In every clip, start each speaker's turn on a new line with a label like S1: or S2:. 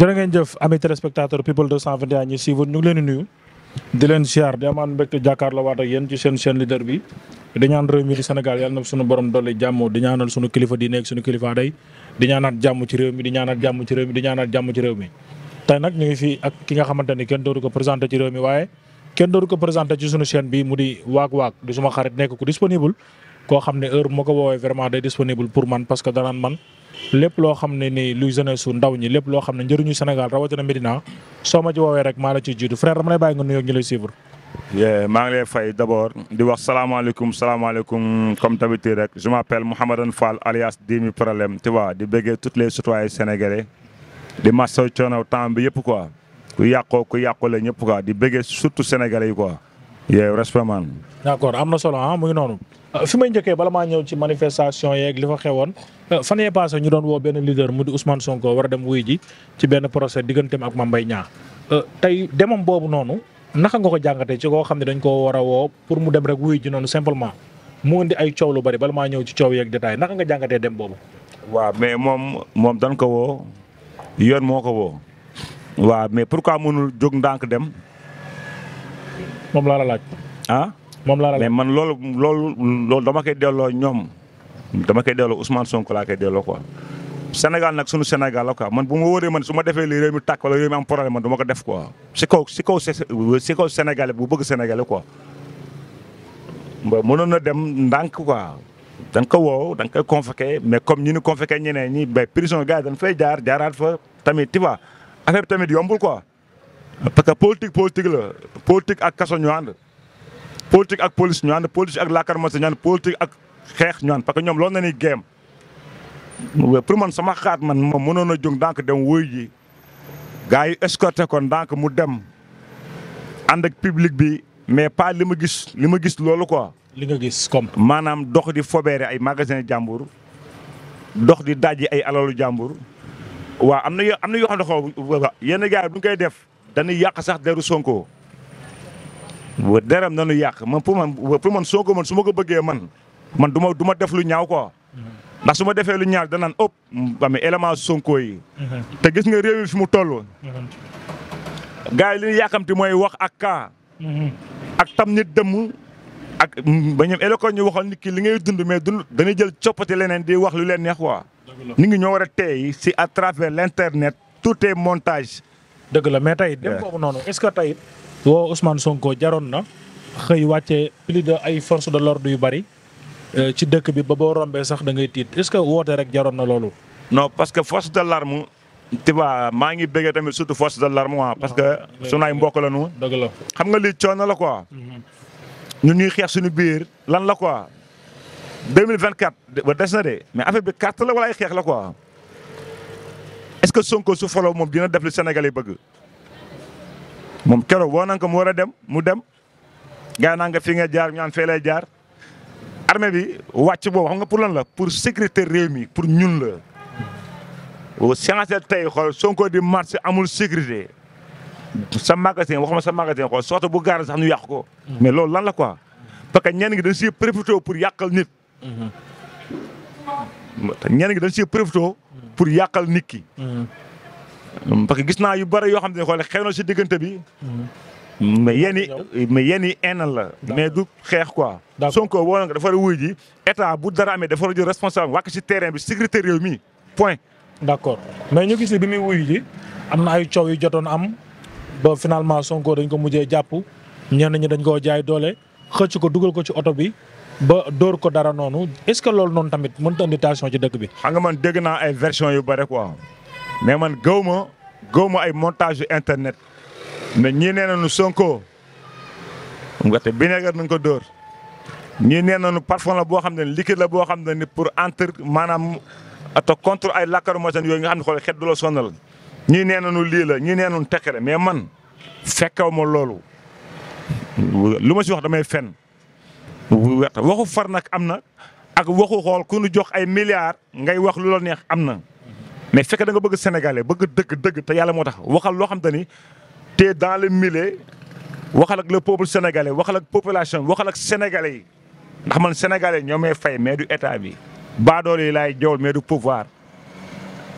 S1: jërë ngeen jëf ami téléspectateur people 221 ñu suivre ñu ngi leen di nuyu di leen siyaar di amaan mbégte jàkkaarloo waat ak yéen ci seen seen leader bi di ñaan réew mi di Sénégal yàlla na suñu borom dolli jàmm di ñaanal suñu kilifa di nekk suñu kilifa day di ñaanaat jàmm ci réew mi di ñaanaat jàmm ci réew mi di ñaanaat ci réew mi nag ñu ngi fi ak ki nga xamante ni kenn dootu ko présenté ci réew mi waaye kenn dootu ko présenté ci suñu chaîne bi mu di waag waag di suma xarit nekk ku disponible koo xam ne heure moo ko woowee vraiment day disponible pour man parce que danaan man lépp loo xam ne ni luy jeunesse su ndaw ñi lépp loo xam ne njëriñu Sénégal rawatina Medina soo ma ci woowee rek maa la ciy jiitu frère dama lay bàyyi nga nuyoo ñu lay suivre.
S2: maa ngi lay fay d' abord di wax salaamaaleykum salaamaaleykum comme d' habitude rek je m' appelle Mouhamadou Fall alias Dimi Problème tu vois di bëggee toutes les citoyens sénégalais di masawu coono temps bi yëpp quoi yàqoo ku yàqule ñëpp quoi di bëggee surtout sénégalais yi quoi. respect man.
S1: am na solo ah noonu. fi may njëkkee bala maa ñëw ci manifestation yeeg li fa xewoon euh, fan yee passé ñu doon woo benn leader mu di Ousmane Sonko war a dem wuy ji ci benn procès digganteem ak Mame Mbaye Niang euh, tey demam boobu noonu naka nga ko jàngatee ci koo xam ne dañ ko war a woo pour mu dem rek wuy ji noonu simplement mu indi ay coow lu bari bala maa ñëw ci coow yeeg détail naka nga jàngatee dem boobu. waaw mais moom moom dan ko woo yoon moo ko woo.
S2: waaw mais ka mënul jóg ndànk dem. moom la laaj. Ah? moom laa mais man loolu loolu loolu dama koy delloo ñoom dama koy delloo Ousmane Sonko laa koy delloo quoi. Sénégal nag sunu Sénégal la quoi man bu ma wóoree man su ma defee lii réew mi tàkk wala am problème man du ko def quoi si kaw si kaw si kaw Sénégalais bu bëgg Sénégalais quoi. ba mënoon na dem ndànk quoi da ko woo da nga koy convoqué mais comme ñu ni convoqué ñeneen ñi ba prison gars dañ fay jaar jaaraat fa tamit tu vois affaire tamit yombul quoi. parce que politique politique la politique ak kaso ñu politique ak police ñu ànd politique ak laakarmase ñu ànd politique ak xeex ñoon ànd parce que ñoom loolu na ni géem pour man sama xaat man moom mënoon a jóg donc dem wuy ji gars yi escorté kon donc mu dem ànd ak public bi mais pas li ma gis li ma gis loolu quoi. li nga gis comme. maanaam dox di fobeere ay magasin jàmbur dox di dajji ay alalu jàmbur waaw am na yoo am na yoo xam ne xaw koy def danuy yàq sax deru Sonko. deram nanu yàq man pour man pour man soo ko man su ma ko bëggee man man du ma du ma def lu ñaaw ko ndax su ma defee lu ñaaw danaan ëpp. amee élément Sonko yi. te gis nga réew mi fi mu toll. gars yi li ñu yàqamti mooy wax ak kaa. ak tam nit dëmm. ak ba ñoom élecon ñu waxoon nit ki li ngay dund mais dund dañuy jël coppati leneen di wax lu leen neex quoi. nit ñi ñoo war a teey si à travers l' internet tout est
S1: montage. dëgg la mais tey dem boobu noonu est ce que tey woo Ousmane Sonko jaroon na xëy wàcce plus de ay force de l'ordre yu bari euh, ci dëkk bi ba boo rombee sax da ngay tiit est-ce que woote rek jaroon na loolu.
S2: non parce que force de l'arme tu maa ngi bëggee tamit surtout force de l'arme waa ah, parce que ah, sunu ay mbokk la ñu. dëgg la xam nga lii coono la quoi. Mhm. ñun ñuy xeex suñu biir lan la quoi. 2024 ba des na de mais affaire bi carte la wala xeex la quoi est-ce que Sonko su foloo moom dina def li Sénégal bëgg. moom keroog woo nañ ko mu war a dem mu dem gaa naa nga fi nga jaar ñaan am lay jaar armée bi wàcc boobu xam nga pour lan la pour sécurité réew mi pour ñun la. au séance tey xool sonkoo di marché amul sécurité sa magasin wax ma sa magasin ko soto bu gaar sax nu yàq ko. mais loolu lan la quoi parce que ñenn gi dañ siy profité pour yàqal nit. Mm-hmm. ñenn gi dañ siy profité pour yàqal nit ki. Mm-hmm. parce que gis naa yu bëri yoo xam ne xoole xew na si diggante bi. mais yenn yi mais yenn yi la. mais du xeex quoi. Sonko woo na nga dafa wuy ji état bu dara amee dafa jël responsable wàcc si terrain bi sécurité réew mi point.
S1: d' mais ñu gis ne bi muy wuyu ji am na ay coow yu jotoon am ba finalement Sonko dañ ko mujjee jàpp ñenn ñu dañ koo jaay doole xëcc ko dugal ko ci oto bi ba dóor ko dara noonu est ce que loolu noonu tamit mënut a indi tension ci dëkk bi. xam nga man dégg naa ay version yu bëri quoi. mais man gëw ma
S2: gëw ma ay montage internet mais ñii nee nañu Sonko nga te bineegar nañ ko dóor ñii nee nu parfum la boo xam ne liquide la boo xam ne ni pour entre maanaam te contre ay lacrymogène yooyu nga xam ne xool xet du la ñii nee nañu lii la ñii nee nañu tekkere mais man fekkaw ma loolu lu ma si wax damay fen waxu far nag am na ak waxu xool ku nu jox ay milliards ngay wax lu la neex am na mais fekk da nga bëgg sénégalais bëgg dëgg dëgg te yàlla moo tax waxal loo xam te ni te dans le milieu waxal ak le peuple sénégalais waxal ak population waxal ak sénégalais yi ndax man sénégalais ñoo may fay mais du état bi baadool yi laay jowl mais du pouvoir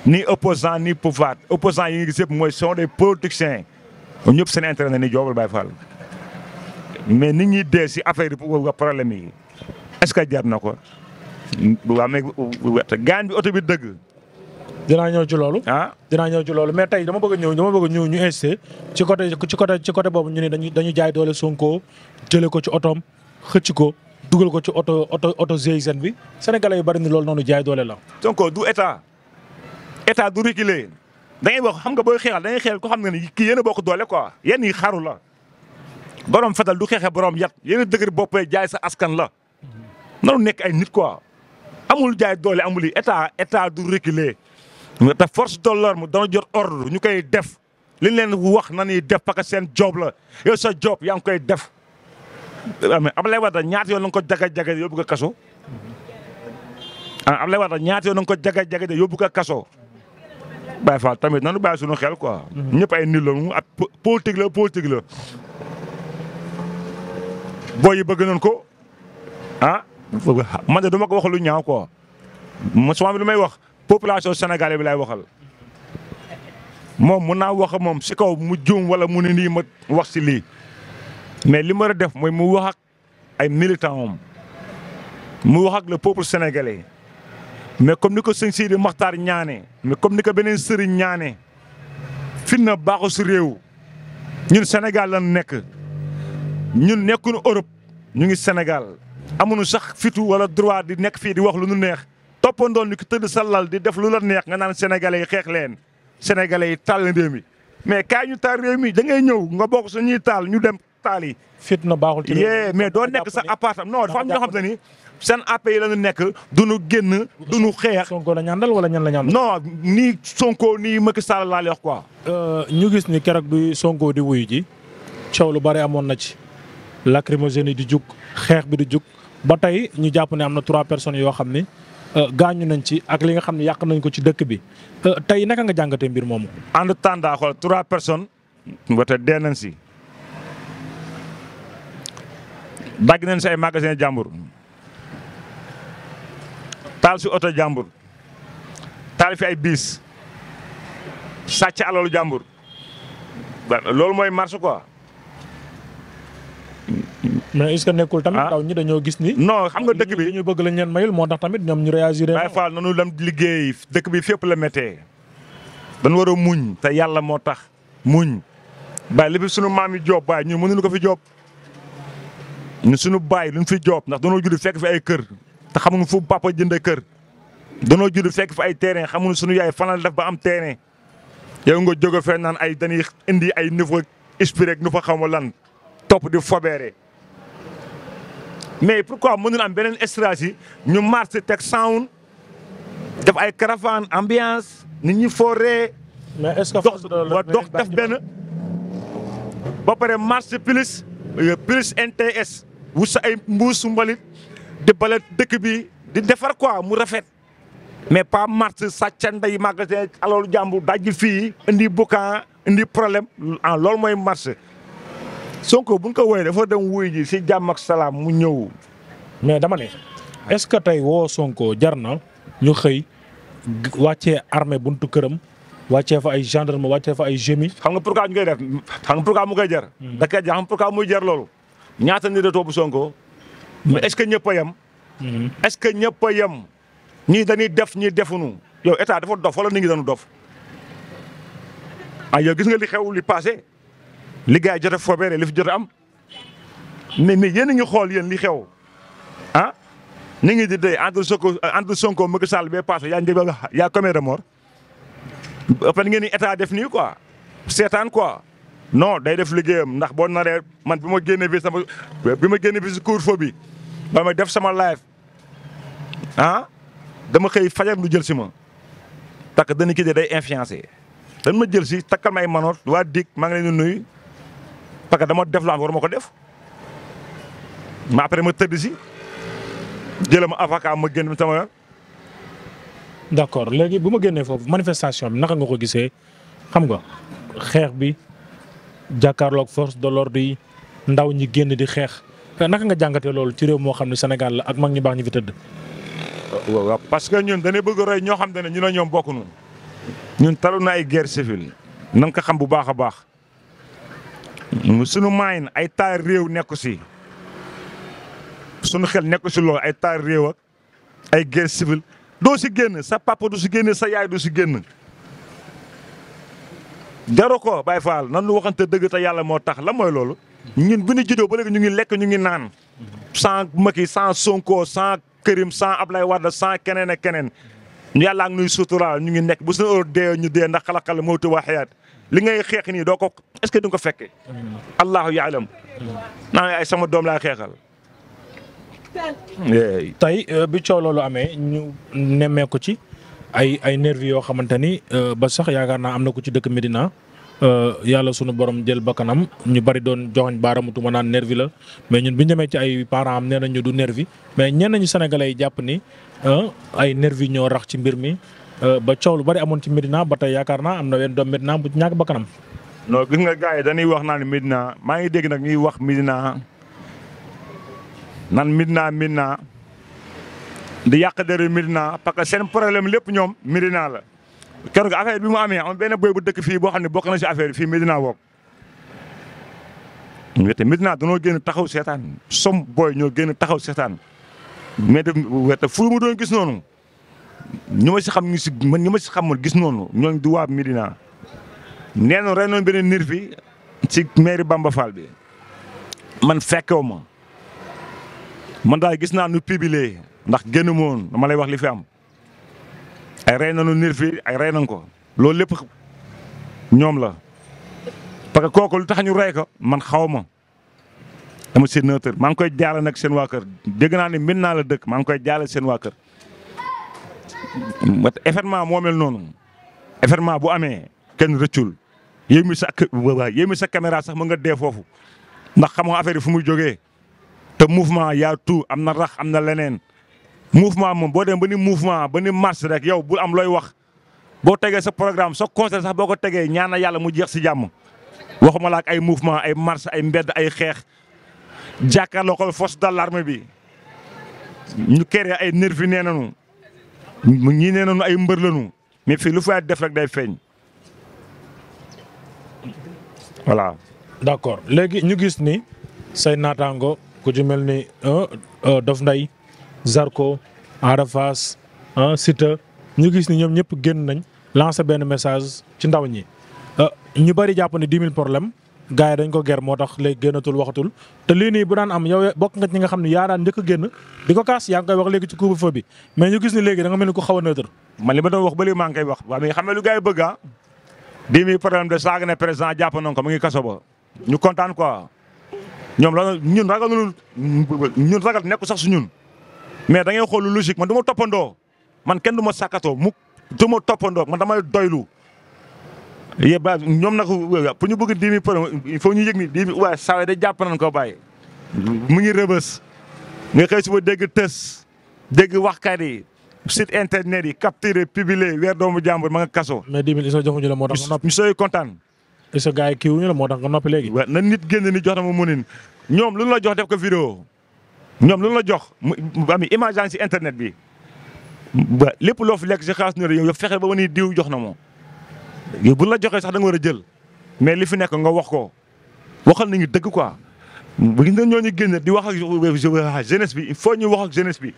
S2: ni opposant ni pouvoir opposant yi nga gis mooy sont des politiciens ñëpp seen intérêt na ni joobal Baye Fall mais nit ñi dee si affaire yi problème yi est-ce que jar na ko waa mais
S1: gaañ bi oto bi dëgg dinaa ñëw ci loolu. ah dinaa ñëw ci mais tey dama bëgg ñëw dama bëgg a ñëw ñu insisté ci côté ci côté ci côté boobu ñu ne dañu jaay doole Sonko jëlee ko ci otoom xëcc ko dugal ko ci oto oto oto GIGN bi senegale yu bari ni loolu noonu jaay doole la.
S2: Sonko du état état du reculer da ngay wax xam nga booy xeexal da ngay xeexal ko xam nga ni kii yéen a bokk doole quoi yéen yi xaru la borom fetal du xeexee boroom yat yéen a dëgër boppee jaay sa askan la nanu nekk ay nit quoi amul jaay doole amul état état du reculer te force de l'ordre dana jot ordre ñu koy def li leen wax na ñuy def parce seen job la yow sa job yaa ngi koy def. Ah, mais Ablaye Wade ñaata yoon la nga ko jaga jaga yóbbu ko kaso ah Ablaye Wade ñaata yoon la nga ko jaga jaga yóbbu ko kaso. Baye Fall tamit noonu bàyyi suñu xel quoi. Mm-hmm. ñëpp ay nit la mu ak politique la politique la. booy yi bëgg nañ ko ah man de du ma ko wax lu ñaaw quoi man sama bi lu may wax. population sénégalais bi lay waxal moom mun naa wax moom si kaw mu juum wala mu ne nii ma wax si lii mais li ma war a def mooy mu wax ak ay militant am mu wax ak le peuple sénégalais mais comme ni ko sëñ Sidi Maxtaar ñaane mais comme ni ko beneen sëriñ ñaane fitna baaxu si réew ñun Sénégal lan nekk ñun nekkuñu Europe ñu ngi Sénégal amuñu sax fitu wala droit di nekk fii di wax lu nu neex toppandoon ni ko tëdd sa lal di def lu la neex nga naan sénégalais yi xeex leen sénégalais yi taal réew mi mais kaay ñu taal réew mi da ngay ñëw nga bokk suñuy taal ñu dem taal yi. fitna baaxul ci réew mais doo nekk sax appartement non dafa am ñoo xam ne ni seen app yi la ñu nekk du ñu génn du ñu xeex. Sonko la ñaandal wala ñan la ñaandal. non nii sonkoo nii makk Sall laal lay wax
S1: euh, ñu gis ni keroog du Sonko di wuyu ji coow lu bari amoon na ci lacrymogène yi di jug xeex bi di jug ba tey ñu jàpp ne am na trois personnes yoo xam ni Euh, gaañu nañ ci ak li nga xam ne yàq nañ ko ci dëkk bi euh, tey naka nga jàngatee mbir moomu. en tout temps daa
S2: xool trois personnes wate dee nañ si dagg nañ si ay magasin jàmbur taal si oto jàmbur taal fi ay biis sàcc alalu jàmbur loolu mooy marche quoi.
S1: mais est-ce que nekkul tamit ah. ndaw ñi dañoo gis ni. non xam nga dëkk bi ñu bëgg lañ leen mayul moo tax tamit ñoom ñu réagir. Baye Fall nanu lam liggéey dëkk bi fépp la mettee
S2: dañu war a muñ
S1: te yàlla moo
S2: tax muñ. baay li fi sunu maam yi joob baay ñun ko fi joob. ñu sunu baay luñ fi joob ndax danoo judd fekk fi ay kër. te xamuñu fu papa jënd kër. danoo judd fekk fi ay terrain xamuñu sunu yaay fanal def ba am terrain. yow nga jóge fee naan ay dañuy indi ay niveau inspiré nu fa xaw ma lan topp di fobeere mais pourquoi mënul am beneen stratégie ñu marché teg sound def ay caravane ambiance ni ñi foree. mais est dox def benn. ba pare marché plus euh, plus NTS wu sa ay mbuus mbalit di bale dëkk bi di defar quoi mu rafet. mais pas marché sàcca nday magasin alalu jàmbur dajji fii indi boucan indi problème ah loolu mooy marché. Sonko bu ñu ko wooyee dafa dem wuy ji si jàmm salaam mu ñëw.
S1: mais dama ne est-ce que tey woo Sonko jar na ñu xëy wàccee armée buntu këram wàccee fa ay gendarme wàccee fa ay
S2: gémi. xam nga pourquoi ñu koy def xam nga pourquoi mu koy jar. da koy jar xam nga pourquoi muy jar loolu. ñaata nit a bu Sonko. Hmm. mais est-ce que ñëpp a yem. Hmm. est-ce que ñëpp a yem. ñii dañuy def ñii defuñu yow état dafa dof wala nit ñi dof. ah yow gis nga li xew li passé li gars yi jot a fobeere li fi jot am mais mais yéen a ngi xool yéen li xew a ah ñu ngi di dey entre Sonko entre Sonko Macky Sall bee passé yaa njëg yaa combien de morts après ngeen ni état def nii quoi seetaan quoi non day def liggéeyam ndax boo naree man bi ma génnee bi sama bi ma génnee bi si couvre-feu bi ba ma def sama live a ah, dama xëy fajar lu jël si ma takk dana kii de day influencé dañ ma jël si takkal may manoot waa dig maa ngi leen di nuyu parce que dama def laa war ma ko def ma après ma tëdd si jëlal ma avocat ma génn sama yoon.
S1: d' accord léegi bu ma génnee foofu manifestation bi naka nga ko gisee xam nga xeex bi jàkkaarloog force de l'ordre yi ndaw ñi génn di xeex naka nga jàngatee loolu ci réew moo xam ne Sénégal la ak mag ñi baax ñu fi tëdd.
S2: parce que ñun dañuy bëgg roy ñoo xam ne ñu ne ñoom bokk nañu ñun talu na ay guerre civile na nga ko xam bu baax a baax. sunu maayin ay taal réew nekku si sunu xel nekku si loolu ay taal réew ak ay guerre civile doo si génn sa papa du si génn sa yaay du si génn jaru ko baay Fall nan lu waxante dëgg te yàlla moo tax la mooy loolu ñun bu ñu juddoo ba léegi ñu ngi lekk ñu ngi naan sans Macky sans Sonko sans Karim sans Ablaye Wade sans keneen ak keneen yàllaa ngi nuy suturaal ñu ngi nekk bu suñu dee ñu dee ndax xalaqal mawtu wa xayaat li ngay xeex nii doo ko est-ce que ko fekkee allahu yaalam naa ay sama doom laa xeexal
S1: tey euh, bi coow loolu amee ñu nemmee ko ci ay ay nervi yoo xamante ni euh, ba sax yaakaar naa am na ko ci dëkk Medina Euh, yàlla sunu borom jël bakkanam ñu bari doon joxoñ baaraamu tuuma naan nervi la mais ñun bi ñu demee ci ay parents am nee nañ ñu du nervi mais ñenn ñu sénégalais yi jàpp ni ay nervi ñoo rax ci mbir mi euh, ba coow lu bari amoon ci Medina ba tey yaakaar naa am na wenn doom Medina bu ñàkk bakkanam. non gis nga gars yi dañuy wax naan Medina maa ngi dégg nag ñuy wax Medina
S2: nan Medina Medina di yàq deru Medina parce seen problème lépp ñoom mirina la. keroog affaire bi mu amee am benn boy bu dëkk fii boo xam ne bokk na si affaire bi fii Medina bokk. wete Medina danoo génn taxaw seetaan som booy ñoo génn taxaw seetaan mais de wete fu doon gis noonu ñu ma xam ñu si man ma si xamul gis noonu ñooñu di waa Medina. nee na rey nañ beneen nit fi si mairie Bamba Fall bi man fekkew ma man daal gis naa nu publier ndax génn moon dama lay wax li fi am. ay rey nu nir fii ay rey nañ ko loolu lépp ñoom la parce que kooku lu tax ñu rey ko man xaw ma dama sénateur maa ngi koy jaale nag seen waa kër dégg naa ni min la dëkk maa ngi koy jaale seen waa kër. événement moo mel noonu événement bu amee kenn rëccul yéen mi sa waaw yéen mi sa caméra sax mën nga dee foofu ndax xam nga affaire fu mu jógee te mouvement yaa tout am na rax am na leneen. mouvement moom boo dem ba ni mouvement ba ni marche rek yow bul am looy wax boo tegee sa programme sa concert sax boo ko tegee ñaana yàlla mu jeex si jàmm waxuma la ak ay mouvement ay marche ay mbedd ay xeex jàkkaarloo ko force d'alarme bi ñu kéré ay nervi nee nañu ñii nee nañu ay mbër lañu mais fii lu fay def rek day feeñ
S1: voilà. d'accord léegi ñu gis ni say naataango ku ci mel ni euh, euh, Dof Ndeye Zarko Ada Fass ah Siteu ñu gis ni ñoom ñëpp génn nañ lancer benn message ci ndaw ñi. Ah, ñu bëri jàpp ne 10 000 problème gars yi dañ ko ger moo tax léegi génnatul waxatul te lii nii bu daan am yow bokk nga ñi nga xam ne yaa daan njëkk génn di ko kaas yaa ngi kay wax léegi ci couvre-feu bi mais ñu gis ni léegi da mel ni
S2: ko xaw a neutre. man li ma doon wax ba léegi maa ngi koy wax waaye xam nga lu gars yi bëgg ah problème de saaga ne président jàpp nañ ko mu ngi kaso ba ñu kontaan quoi ñoom loolu ñun ragal ñun ragal nekku sax su ñun mais da ngay xool lu logique man du ma toppandoo man kenn du ma sàkkatoo muk du ma toppandoo man damay doylu yé ba ñoom nag pour ñu bëgg dix mille pour il ñu yëg ni dix mille waaye da jàpp nañ ko bàyyi mu ngi rëbës nga xëy suba dégg tës dégg waxkat yi site internet yi capturé publié weer doomu jàmbur ma nga kaso. mais dix mille iso joxuñu la moo tax nga noppi. kontaan. iso gars moo tax nga noppi léegi. na nit génn ni jox na ma munin ñoom lu la jox def ko vidéo ñoom lu la jox mu am image yaa internet bi ba lépp loo fi lekk si xaas nuyoo yow fexe ba ma ni diw jox na moom yow bu la joxee sax da war a jël mais li fi nekk nga wax ko waxal nañu dëgg quoi gis nga ñoo ñu génn di wax ak jeunesse bi il faut ñu wax ak jeunesse bi.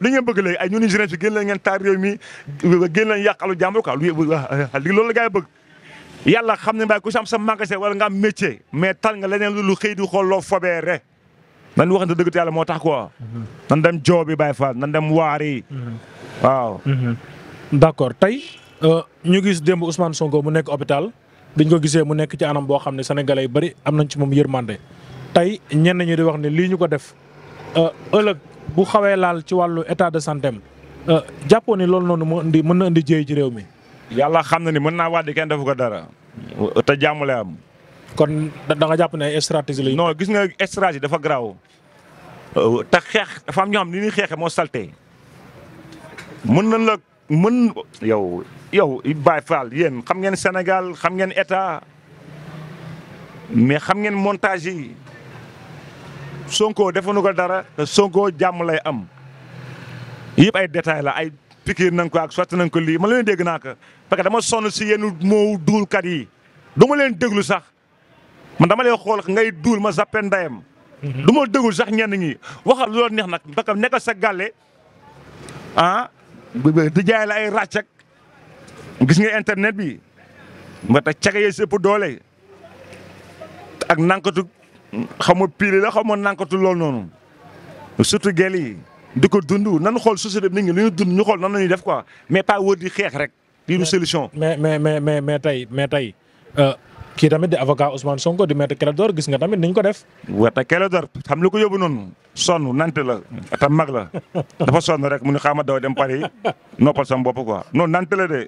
S2: li ngeen bëgg léegi ay ñun jeunesse bi génn leen ngeen taar réew mi génn leen yàq alu jàmbur quoi loolu la gars bëgg. yàlla xam ne mbay ku si am sa magasin wala nga am métier mais tal nga leneen lu xëy du xool loo fobeere nan waxante dëgg te yàlla moo tax quoi. Mm-hmm. nan dem joobi Baye Fall nan dem waari. Mm-hmm.
S1: waaw. Mm-hmm. d'accord tey euh, ñu gis démb Ousmane Sonko mu nekk hôpital biñ ko gisee mu nekk ci anam boo xam ne sénégalais yu bëri am nañ ci moom yërmande tey ñenn ñi di wax ne lii ñu ko def euh, ëllëg bu xawee laal ci wàllu état de santem euh, jàppoo ni loolu noonu mu indi mën na indi jéey ci réew mi. yàlla xam na ni mën naa waat kenn defu ko dara.
S2: te jàmm lay am. kon da jàpp ne ay stratégie la non gis nga stratégie dafa garaaw euh, te xeex dafa am ñoo xam ni ñuy xeexee moo salte mën na la mën yow yow Baye Fall yéen xam ngeen Sénégal xam ngeen état mais xam ngeen montage yi Sonko defuñu ko dara te Sonko jàmm lay am yëpp ay détails la ay pikiir nañ ko ak sotti nañ ko lii ma leen dégg naa ko parce que dama sonn si yenn moo duulkat yi du leen déglu sax. man dama lay xool ngay duul ma zappé ndayam. Mhm. du ma déglu sax ñenn ñi waxal loolu neex nag ndax nekkal sa gàlle ah di jaay la ay gis nga internet bi nga tax cage yee sëpp doole ak nankatu xam nga pili la xam nga nankatu loolu noonu surtout gel yi di ko dund nan xool société bi nit lu ñu dund ñu xool nan
S1: la ñuy def ko mais pas wër di xeex rek. lii du solution. mais mais mais mais tey mais tey. Euh, kii tamit di avocat Ousmane Sonko di maître Clédor gis nga tamit niñ ko def. weta Clédor xam
S2: lu ko yóbbu noonu sonn nante la tam mag la dafa sonn rek mu ne xaama daw dem Paris noppal sam bopp quoi non nante la de.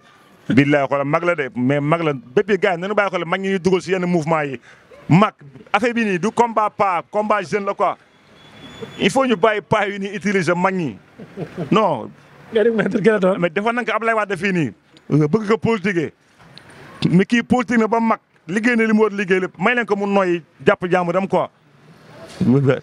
S2: billaay xoolal mag la de mais mag la bépp gars yi nañu bàyyi xoolal mag ñi dugal si yenn mouvement yi mag affaire bi nii du combat pas combat jeune la quoi il faut ñu bàyyi pas yi ñuy utiliser mag ñi non. nga dégg maître Clédor mais defoon nañ liggéey na li mu war liggéey lépp may leen ko mu noyyi jàpp jaamu dem quoi.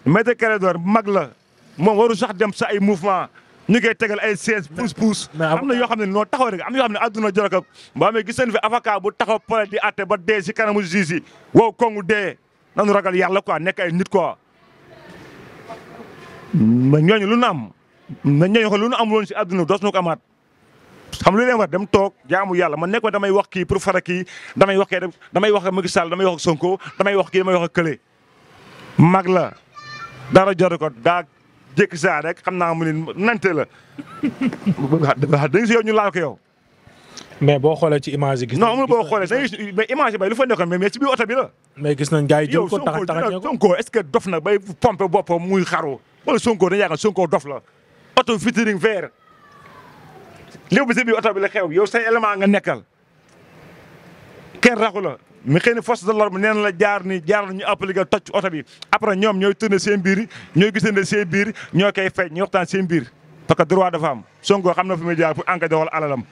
S2: Maître Clédor mag la moom waru sax dem sa ay mouvement ñu koy tegal ay siège pousse pousse. am na yoo xam ne noo taxaw rek am na yoo xam ne adduna jorokam ba amee gis nañ fi avocat bu taxaw pare di àtte ba dee si kanamu juge yi wow kongu dee nanu ragal yàlla quoi nekk ay nit quoi. Mm. ma ñooñu lu nu am na ñooñu ko lu nu amuloon si adduna dos nu ko amaat. xam lu leen war dem toog jaamu yàlla man nekk damay wax kii pour fara kii damay wax kii damay wax ak Macky Sall damay wax ak damay wax kii damay wax ak Kële. mag la dara jotu ko daa jékki saa rek xam naa mu ne nante la wax dëgg si yow ñu laal ko yow.
S1: mais boo xoolee
S2: ci image yi. gis nañ boo xoolee mais image yi bay lu fa nekkoon mais ci biir oto bi la. mais gis nañ na bay pompe boppam muy xaru wala Sonko dañuy dof la. oto vitrine vert. léew bi si oto bi la xew yow say élément nga nekkal kenn raxu la mais xëy na force de l'ordre nee na la jaar ni jaar nañu appliqué toj oto bi après ñoom ñooy tourné seen biir ñoo gisande seen biir ñoo koy fay ñu waxtaan seen biir parce que droit dafa am Sonko xam na fu muy jaar pour enquête wala alalam.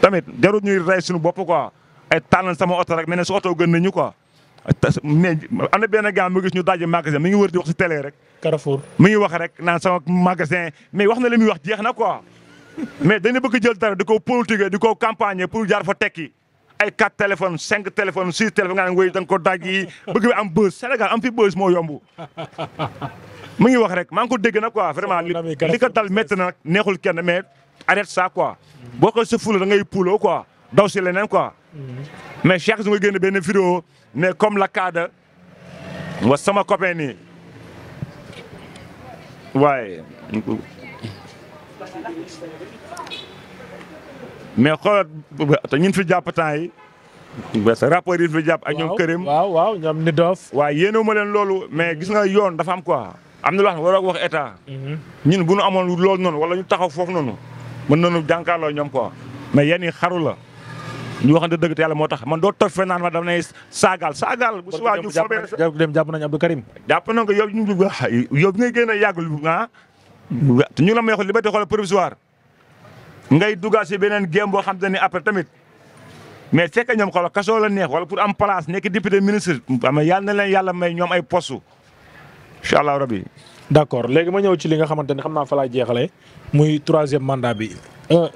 S2: tamit jarul ñuy rey suñu bopp quoi ay tànnal sama oto rek mais ne su oto gën nañu quoi mais am na benn gars mu gis ñu daje magasin mi ngi wër di wax si télé rek. Carrefour mi ngi wax rek naan sama magasin mais wax na li muy wax jeex na quoi. mais dañu bëgg jël dara di ko politique di ko campagne pour jaar fa tekki ay quatre téléphones cinq téléphones six téléphones nga ne wéy ko daj yi bëgg am buzz Sénégal am fi buzz moo yomb mu ngi wax rek maa ngi ko dégg na quoi vraiment li ko dal métti na neexul kenn mais arrête ça quoi boo ko sa fula da ngay pulo quoi daw si leneen quoi mm-hmm. mais Cheikh su nga génn benn vidéo mais comme la kaada wa sama copain waaye mais xoolal te ñun fi jàpp temps yi. parce fi jàpp ak ñoom kërim waaw waaw ñoom ni doof. waaw yéenewu leen loolu mais gis nga yoon dafa am quoi. am na loo xam ne wax état. Mhm. ñun bu nu amoon loolu noonu wala ñu taxaw foofu noonu. mën nañu jànkaarloo ñoom quoi mais yéen i xaru la. ñu waxante dëgg te yàlla moo tax man doo toog fee naan ma dama ne saagaal saagaal. bu subaa ñu foobee dem jàpp nañu Abdou Karim. jàpp nañu ko ah, a yàgg ah. te ñu la may xool liberté xool provisoire ngay duggaat si beneen game boo xam te ne après tamit mais fekk ñoom xool kasoo la neex wala pour am place nekk député ministre ama yàlla na leen yàlla may ñoom ay postu incha
S1: allah rabi. d' accord léegi ma ñëw ci li nga xamante ne xam naa fa laa jeexalee muy troisième mandat bi. Euh,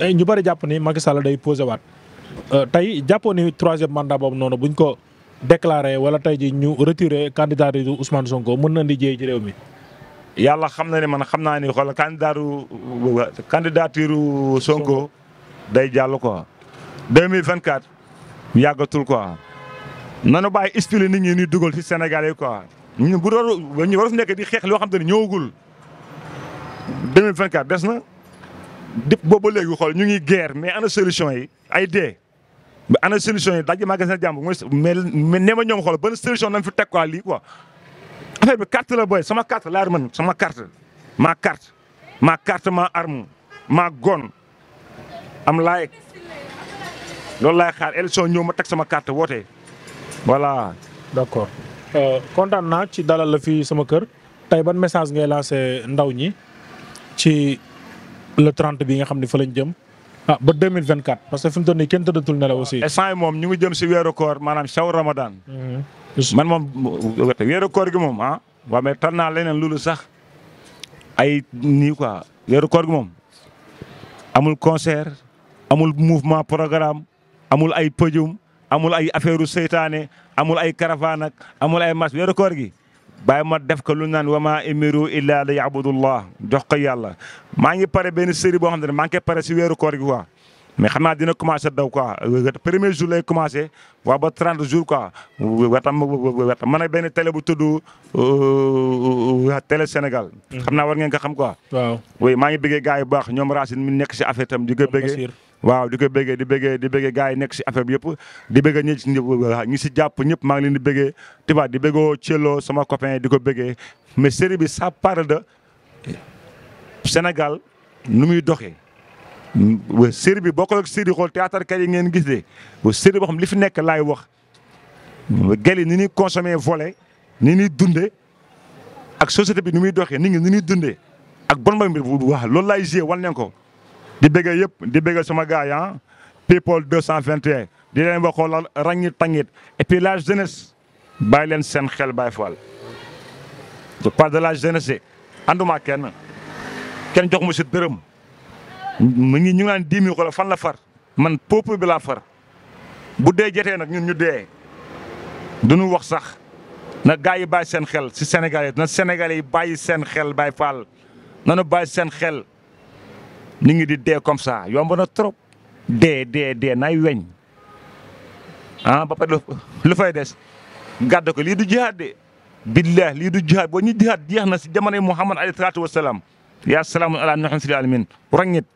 S1: euh, ñu bëri jàpp ni Macky Sall day posé waat euh, tey jàppoo ni troisième mandat boobu noonu buñ ko déclaré wala tey ji ñu retiré candidat yi Ousmane Sonko mën na indi jéey ci réew mi. yàlla xam na ne man xam naa ni xoolal candidatu
S2: candidature Sonko day jàll vingt 2024 yàggatul quoi nanu bàyyi expliqué nit ñi ñuy dugal ci Sénégal yi quoi ñun bu doon ñu war nekk di xeex loo xam te ne ñëwagul 2024 des na dëpp boobu ba léegi xool ñu ngi guerre mais ana solution yi ay dee. ana solution yi daj magasin jàmm mais mais nee ma ñoom xool ban solution nañ fi teg quoi lii quoi. affaire bi carte la booy sama carte laa mën sama carte ma carte ma kart ma arme ma gon am laay loolu laay xaar élection ñëw ma teg sama carte woote voilà. d'accord
S1: euh, kontaan na ci dalal la fii sama kër tey ban message ngay lancé ndaw ñi ci le 30 bi nga xam ne fa lañ jëm. ah ba 2024 parce que fi mu toll nii kenn tëddatul nelaw aussi. instant moom ñu ngi jëm si weeru koor maanaam saw Ramadan.
S2: Mhm. man moom weeru koor gi moom ah waaw tal naa leneen loolu sax ay nii quoi weeru koor gi moom amul concert amul mouvement programme amul ay pëjum amul ay affaire u seytaane amul ay caravane ak amul ay match weeru koor gi bàyyi ma def ko lu naan wama emiru illa li yabudullah jox ko yàlla maa ngi pare benn série boo xam ne maa ngi koy pare si weeru koor gi quoi mais xam naa dina commencé daw quoi premier jour lay commencé waa ba 30 jours quoi wetam wetam man ak benn télé bu tudd euh, euh, tele Sénégal. Mhm. xam naa war ngeen ko xam quoi. waaw oui maa ngi bëggee gars yi baax ñoom Racine mi nekk si affaire tam di ko bëggee. di ko bëggee di bëggee di bëggee gars yi nekk si affaire bi yëpp di bëggee ñi si ñi si jàpp ñëpp maa ngi leen di bëggee tu di bëggoo Thieloo sama copain di ko bëggee me série bi ça parle Sénégal nu muy doxee. wa série bi bokkul ak série xool théâtre kat yi ngeen gis de wa série boo xam li fi nekk laay wax gel yi ni ñuy consommé volet ni ñuy dundee ak société bi ni muy doxee ni ngi ni ñuy dundee ak bon mbay mi waaw loolu lay gée wal nañ ko. di bëggee yëpp di bëggee sama gars yi ah people 221 di leen waxoolal ràññi rangit et puis la jeunesse bàyyi leen seen xel bàyyi faal je de la jeunesse anduma kenn kenn jox mu si dërëm. mu ngi ñu naan dix mille fan la far man peuple bi laa far bu dee jotee nag ñun ñu dee du ñu wax sax na gars yi bàyyi seen xel si Sénégalais na Sénégalais yi bàyyi seen xel bàyyi faal na nu bàyyi seen xel ñu ngi di dee comme yomb na trop dee dee dee nay weñ ah ba pare lu fay des gàdd ko lii du jihaad de billaah lii du jihaad boo ñu jihaad jeex na si jamonoy Muhammad alayhi salaatu wa salaam yaa salaamun alaa nuuhin fil aalamiin ràññit